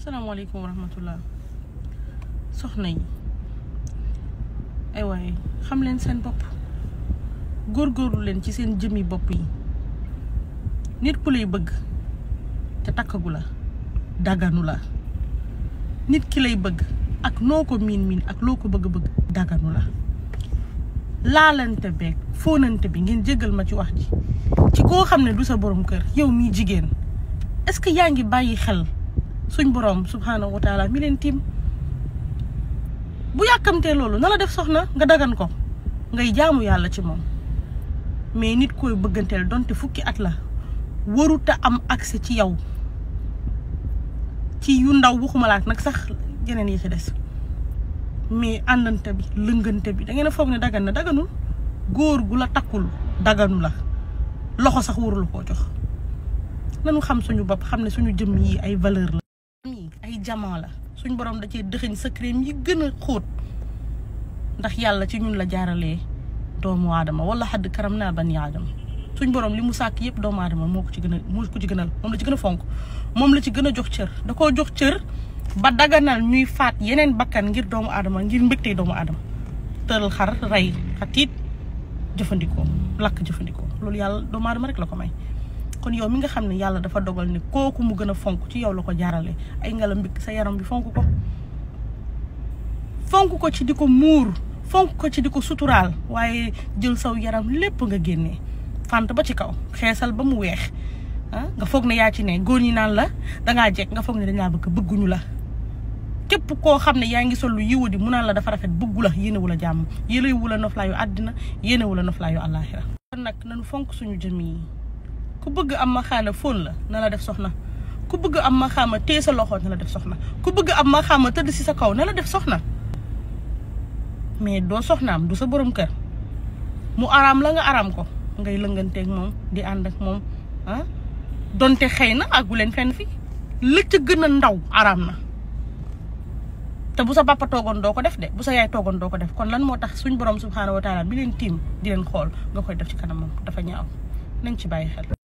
salaamaaleykum wa rahmatullah soxna yi ay xam leen seen bopp góorgóorlu leen ci seen jëmmi bopp yi nit ku lay bëgg te takkagu la daganu la nit ki lay bëgg ak noo ko miin miin ak loo ko bëgg-bëgg daganu la laalante beeg fóonante bi ngeen jéggal ma ci wax ji ci koo xam ne du sa borom kër yow miy jigéen est-ce que yaa ngi bàyyi xel suñ borom subhanahu wa taala mi leen tiim bu yàkkamtee loolu na la def soxna nga dagan ko ngay jaamu yàlla ci moom mais nit koy bëgganteel donte fukki at la waruta am agsi ci yow ci yu ndaw waxumalaat nag sax yeneen yi ci des mais àndante bi lëngënte bi da ngeen a foog ne dagan na daganul góor gu la takkul daganu la loxo sax warul koo jox nanu xam suñu bopp xam ne suñu jëmm yi ay valeur la diamant la suñ borom da cee dëxëñ secret yi gën a xóot ndax yàlla ci ñun la jaaralee doomu aadama wala xadd karam naa ban aadama suñ borom li mu sàkk yëpp doomu aadama moo ko ci gën a moo ci gënal moom la ci gën a fonk moom la ci gën a jox cër da koo jox cër ba daganal ñuy faat yeneen bakkan ngir doomu aadama ngir mbégtee doomu adama tëral xar rey xatiit jëfandikoo lakk jëfandikoo loolu yàlla doomu aadama rek la ko may kon yow mi nga xam ne yàlla dafa dogal ne kooku mu gën a fonk ci yow la ko jaarale ay ngelaw mbigg sa yaram bi fonk ko fonk ko ci di ko muur fonk ko ci di ko suturaal waaye jël saw yaram lépp nga génne fant ba ci kaw xeesal ba mu weex ah, nga foog ne yaa ci ne góor ñi naan la dangaa jekk nga foog ne dañaa bëgg bëgguñu la képp koo xam ne yaa ngi sol lu yiwa di mu naan la dafa rafet bëggu la yéene wu la jàmm yéene wu la noflaayu àddina yéene wu la noflaayu àllaaxira jëmm yi ku bëgg am ma xaana fóon la na la def soxna ku bëgg am ma xaama téye sa loxo na la def soxna ku bëgg am ma xaama tëdd si sa kaw na la def soxna mais doo soxna am du sa borom kër mu araam la nga araam ko ngay lënganteeg moom di ànd ak moom ah donte xëy na àggu leen fen fi la ca gën a ndaw araam na te bu sa papa toogoon doo ko def de bu sa yaay toogoon doo ko def kon lan moo tax suñ borom subhaanahu wa taala bi leen tiim di leen xool nga koy def ci kanamam dafa ñaaw nañ ci bàyyi xel.